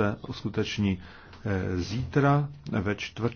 se uskuteční eh, zítra ve čtvrt